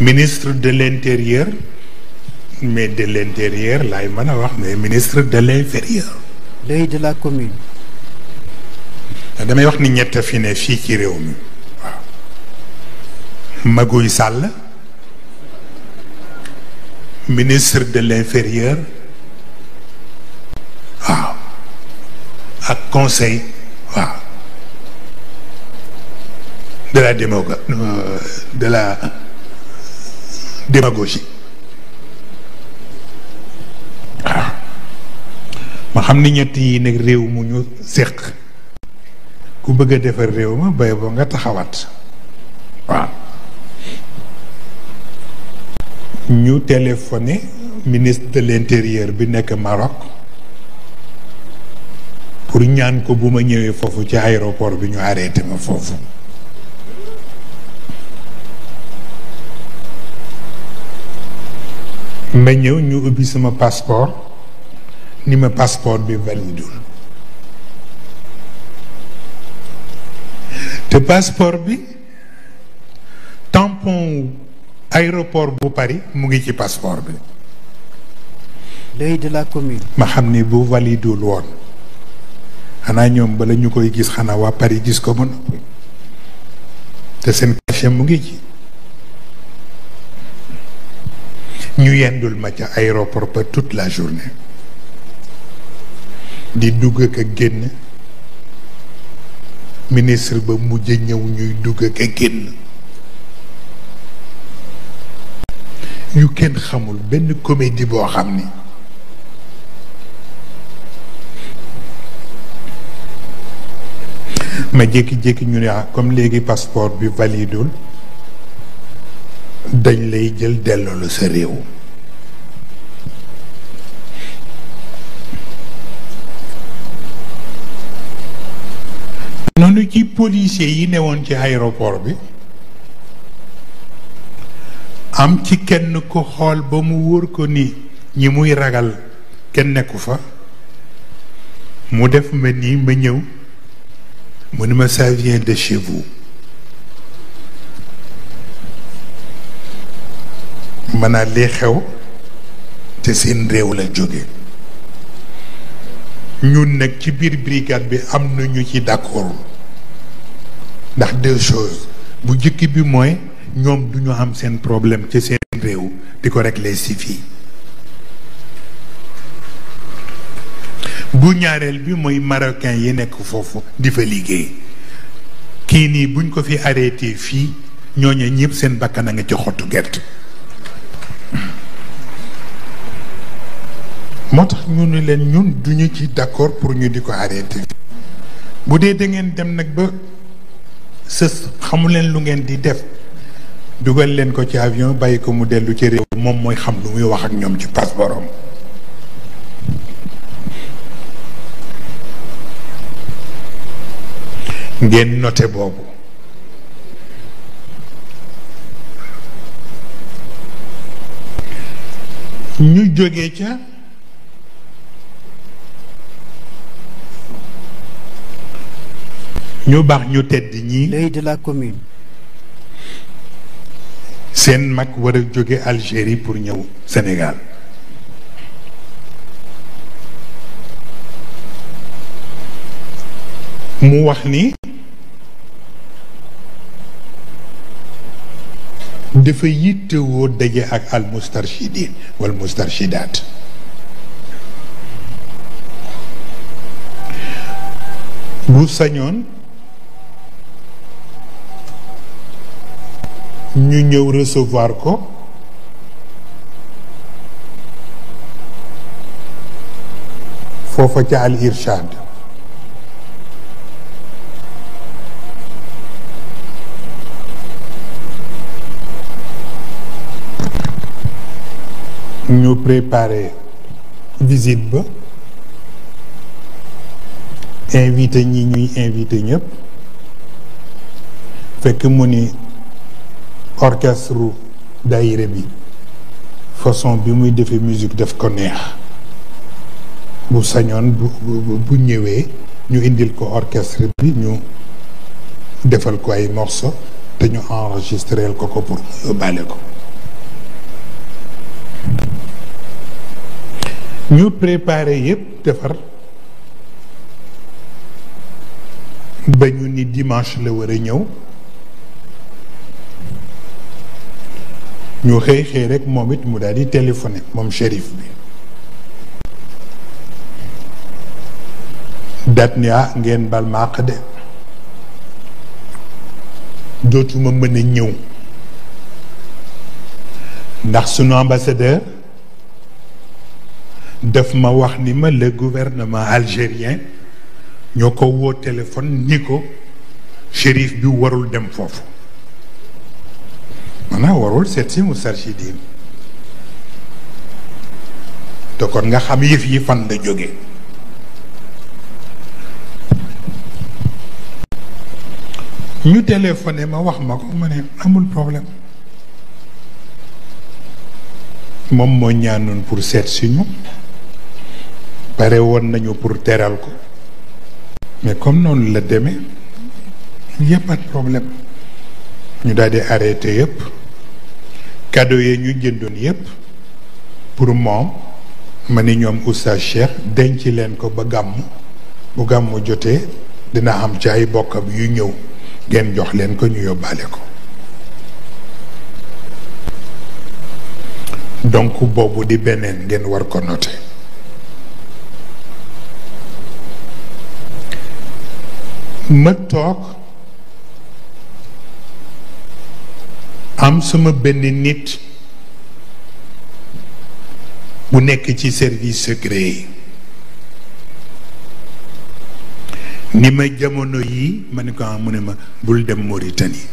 ministre de l'intérieur mais de l'intérieur là, il m'a mais ministre de l'inférieur l'œil de la commune Madame ah, wax ni fini fi ne ci ministre de l'inférieur à conseil de la démocratie euh, de la démagogie si ah. ma xam ni ñett yi nag réew mu ñu séq ku bëgg a defar réew ma bay boo nga taxawaat waaw ñu téléphoné ministre de l'intérieur bi nekk Maroc pour ñaan ko bu ma ñëwee foofu ci aéroport bi ñu arrêté ma foofu ma ñëw ñu ubbi sama passeport ni ma passeport bi validul te passeport bi tampon aéroport bu Paris mu ngi ci passeport bi. l'œil de la ma xam ni bu validul woon xanaa ñoom bala ñu koy gis xanaa waa Paris gis ko ba noppi te seen cachet mu ngi ci. ñu yendul ma ca aéroport ba toute la journée di dugg ak a génn ministre ba mujj ñëw ñuy dugg ak a génn yu kenn xamul benn comédie boo xam ni ma jékki-jékki ñu ne ah, comme léegi passeport bi validul dañ lay jël delloolu sa réew noonu ci policiers yi newoon ci aéroport bi am ci kenn ko xool ba mu wóor ko ni ñi muy ragal kenn nekku fa mu def ma nii ma ñëw mu ni ma ça de chez mën naa lii xew ci seen réew la jóge ñu nag ci biir brigade bi am na ñu ci d'accord ndax deux choses bu jëkk bi mooy ñoom du ñu am seen problème ci seen réew di ko régler si fii bu ñaareel bi mooy marocain yi nekk foofu di fa liggéey kii nii buñ ko fi arrêté fii ñooñu ñëpp seen bakkan a ngi ci xottu gerte moo tax ñu ne leen ñun duñu ci d'accord pour ñu di ko arrêté bu dee da ngeen dem nag ba sës xamuleen lu ngeen di def dugal leen ko ci avion bàyyi ko mu dellu ci réew moom mooy xam lu muy wax ak ñoom ci passeport am ngeen noté boobu ñu jóge ca ñu baax ñu tedd ñi. l'œil de la commune. seen mag war jóge Algérie pour ñëw Sénégal. mu wax ni. dafa yittewoo daje ak al mustarchidin bu sañoon. ñu ñëw recevoir ko foofa ca al irshad ñu préparer visite ba invité ñi ñuy invité ñëpp fekk mu ni orchestre daayire bi façon bi muy defee musique def ko neex bu sañoon bu bu ñëwee ñu indil ko orchestre bi ñu defal ko ay morso te ñu enregistreel ko ko pour mu yóbbaale ko ñu préparé yëpp defar ba ñu ni dimanche la war ñëw ñu xëy xëy rek moom mu téléphoné moom shérif bi dat ni ah bal maqade. de dootuma mën ndax sunu ambassadeur daf ma wax ni ma le gouvernement algérien ñoo ko téléphone Nico. shérif bi warul dem foofu maanaam warul seet si Moustarchidine te kon nga xam yëf yi fan la jóge ñu téléphoné ma wax ma ko ma ne amul problème moom moo ñaanoon pour seet si ñu pare woon nañu pour teral ko mais comme noonu la deme yëpp at problème ñu daal di arrêté yëpp cadeau yi ñu jëndoon yépp pour moom ma ni ñoom Oustaz Cheikh denc leen ko ba gàmm bu gàmm jotee dina am ci ay bokkam yu ñëw ngeen jox leen ko ñu yóbbaale ko donc boobu di beneen ngeen war ko noter ma toog am sama benn nit bu nekk ci service secret yi ni ma jamono yi ma ne ko ah mu ne ma bul dem Mauritanie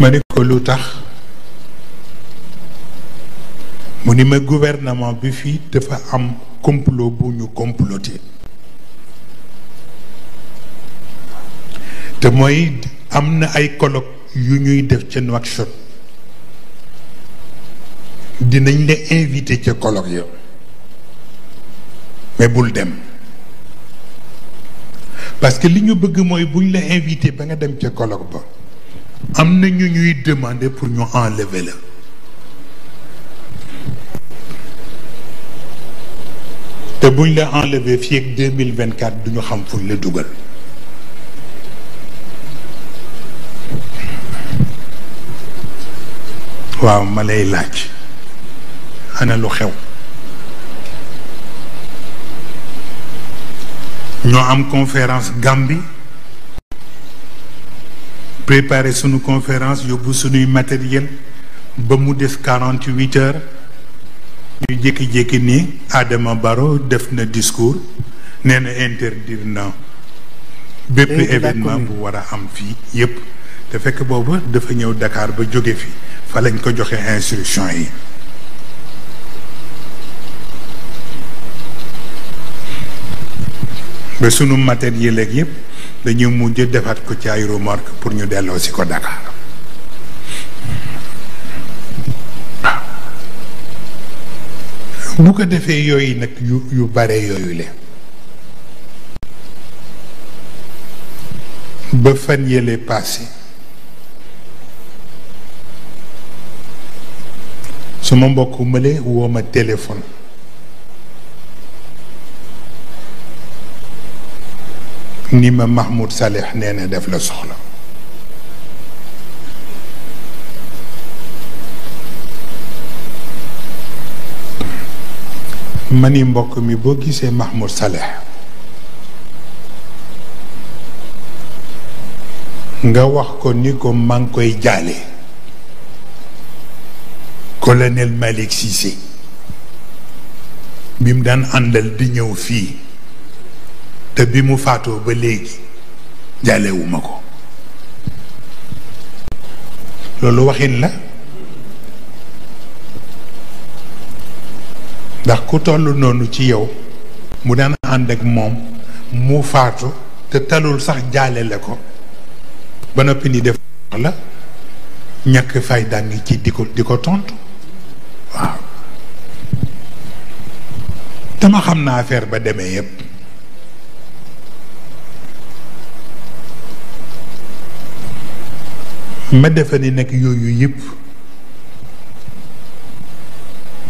ma ne ko lu tax mu ni ma gouvernement bi fii dafa am complot bu ñu comploté te moy amna ay colloque yu ñuy def ca Nouakchott dinañ la invité ci colloque yo mais bul dem parce que li ñu bëgg moy buñ la invité ba nga dem ci colloque ba amna ñu ñuy demander pour ñu enlever la te buñ la enlever fii ak deux mille xam fuñ la dugal. waaw ma lay laaj ana lu xew ñoo am conférence Gambie préparé suñu conférence yóbbu sunuy matériel ba mu des 48 heures ñu jékki-jékki ni Adama baro def na discours nee na interdire na bépp événement bu war a am fii yépp te fekk boobu dafa ñëw Dakar ba jóge fi fa lañ ko joxe instruction yi ba sunu matériel ak yëpp dañuy mujj defaat ko ci ay remorque pour ñu delloo si ko Dakar bu ko defee yooyu nag yu yu bare yooyule le ba fan yële passé sama mbokk mële woo ma téléphone ni ma Mahmoud Saleh nee def la soxla mani mbokk mi boo gisee Mahmoud Saleh nga wax ko ni ko maa ngi koy jaale colonel Malick Cissé bi mu daan àndal di ñëw fii te bi mu faatoo ba léegi jàllewuma ko loolu waxin la ndax ku toll noonu ci yow mu daan ànd ak moom mu faatu te talul sax jaale la ko ba noppi ni def la ñàkk fay dàng ci di ko di ko tontu waaw dama xam naa affaire ba demee yépp ma defe ni nag yooyu yépp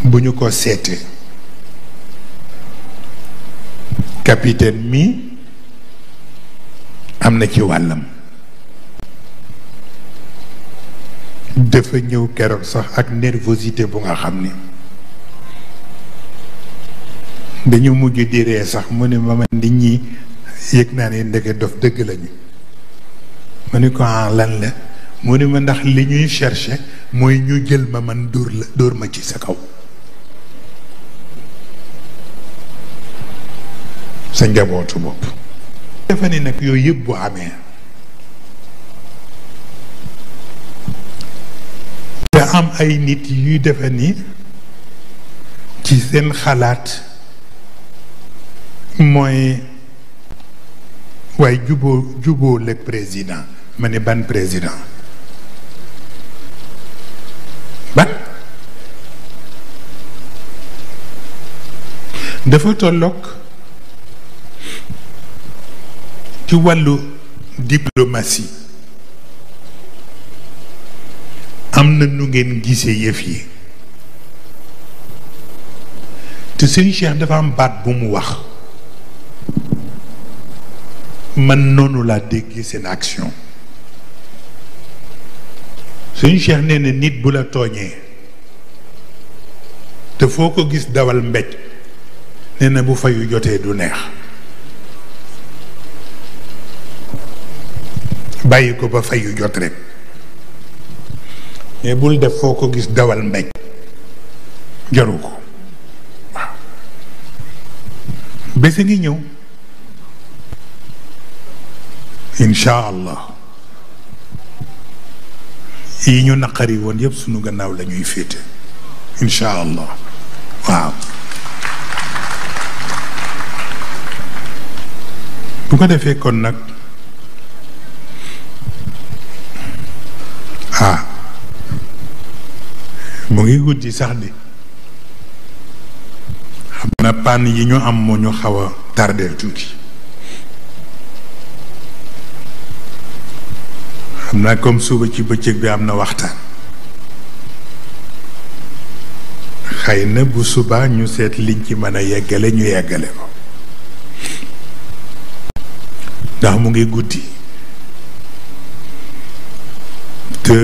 bu ñu ko seetee capitaine mii am na ci wàllam dafa ñëw keroog sax ak nervosité bu nga xam ni dañu mujj di sax mu ne ma man nit ñi yëg naa ne ndeke dof dëgg lañu ma ni ko ah lan la mu ne ma ndax li ñuy cherché mooy ñu jël ma man dóor la dóor ma ci sa kaw sa njabootu bopp dafa ne nag yooyu yëpp bu amee te am ay nit yu defe ni ci sen xalaat moy way jubo jubo le président mané ban président ban dafa tolok ci walu diplomatie am na nu ngeen gisee yëf yi te Serigne Cheikh dafa am baat bu mu wax man nonu la déggee seen action Serigne Cheikh nee nit bu la togné te foko gis dawal mbéj néna bu fayu joté du neex bayiko ba fayu jot rek mais bul def foo ko gis dawal mbéj jaru ko waaw bés a ngi ñëw incha allah yi ñu naqari woon yëpp sunu gannaaw la ñuy féete incha allah waaw bu ko defee kon nag mu ngi guddi sax bi xam na pann yi ñu am moo ñu xaw a tardeel tuuti xam naa comme suba ci bëccëg bi am na waxtaan xëy na bu suba ñu seet liñ ci mën a yeggale ñu yeggale ko ndax mu ngi guddi te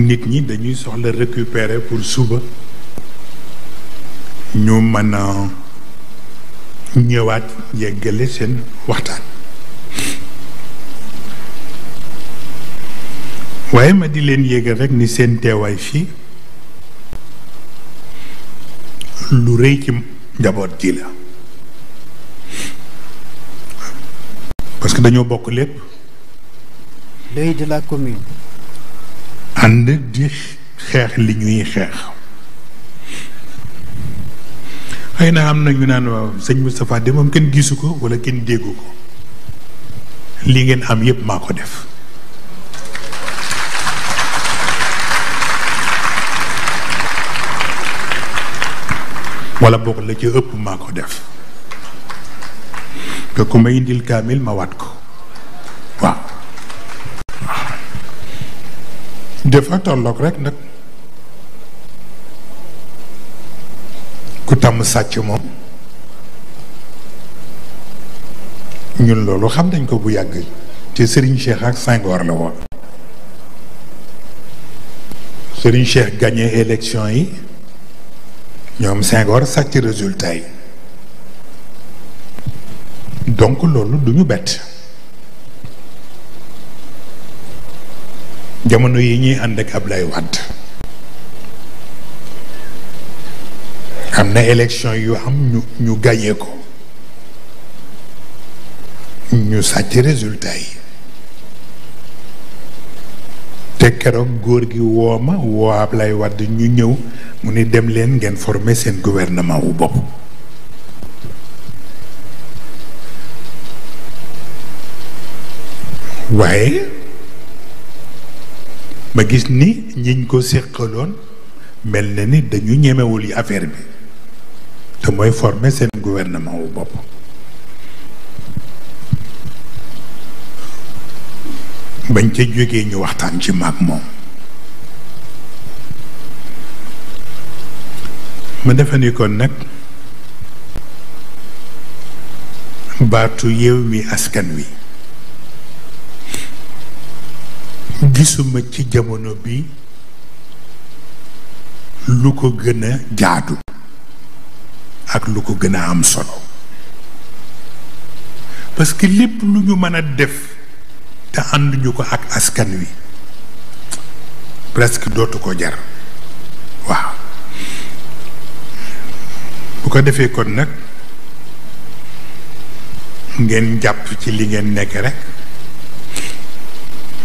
nit ñi dañuy soxla récupérer pour suba ñu mën a ñëwaat yeggale seen waxtaan waaye ma di leen yéegal rekk ni seen teewaay fii lu rëy ci njaboot ji la parce que dañoo bokk lépp l'œil de ànd di xeex li ñuy xeex xëy na am na ñu naan waaw sëñ Moustapha de moom kenn gisu ko wala kenn déggu ko li ngeen am yépp maa ko def wala bokk la ci ëpp maa ko def te ku may indil kaamil ma waat ko facto tolloog rek nak ku tam sàcc mom ñun lolu xam nañ ko bu yagg te Serigne Cheikh ak Senghor la woon Serigne Cheikh gagné élection yi ñom Senghor sacc résultat yi donc lolu duñu ñu jamono yi ñuy ànd ak Ablaye Wade am na élection yu am ñu ñu gañe ko ñu sàcc résultat yi te keroog góor gi woo ma woo Ablaye Wade ñu ñëw mu ni dem leen ngeen former seen gouvernement wu bopp waaye ma gis ni ñiñ ko séqaloon mel na ni dañu ñemewul yi affaire bi te mooy forme seen gouvernement wu bopp bañ ca jógee ñu waxtaan ci maag moom ma defe ni kon nag baatu yeew wi askan wi gisuma ci jamono bi lu ko gën a jaadu ak lu ko gën a am solo parce que lépp lu ñu mën a def te ànduñu ko ak askan wi presque dootu ko jar waaw bu ko defee kon nag ngeen jàpp ci li ngeen nekk rekk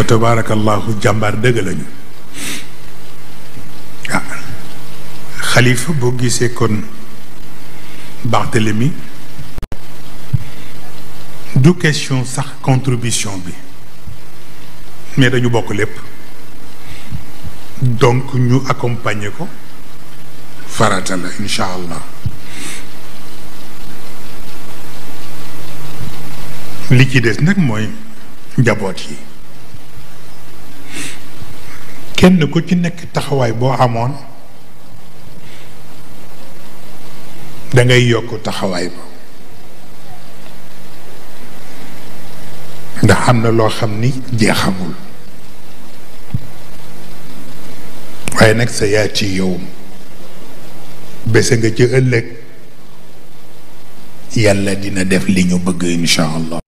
fa tabaarakallaahu jàmbar dëgg lañu waaw ah. xalifa boo gisee kon Barthélemy du question sax contribution bi mais dañu bokk lépp donc ñu accompagner ko farata la incha li ci des nag mooy njaboot yi kenn ku ci nekk taxawaay boo amoon da ngay yokk taxawaay ba ndax am na loo xam ni jeexamul waaye nag sa yaa ci yow bese nga ci ëllëg yàlla dina def li ñu bëgg incha allah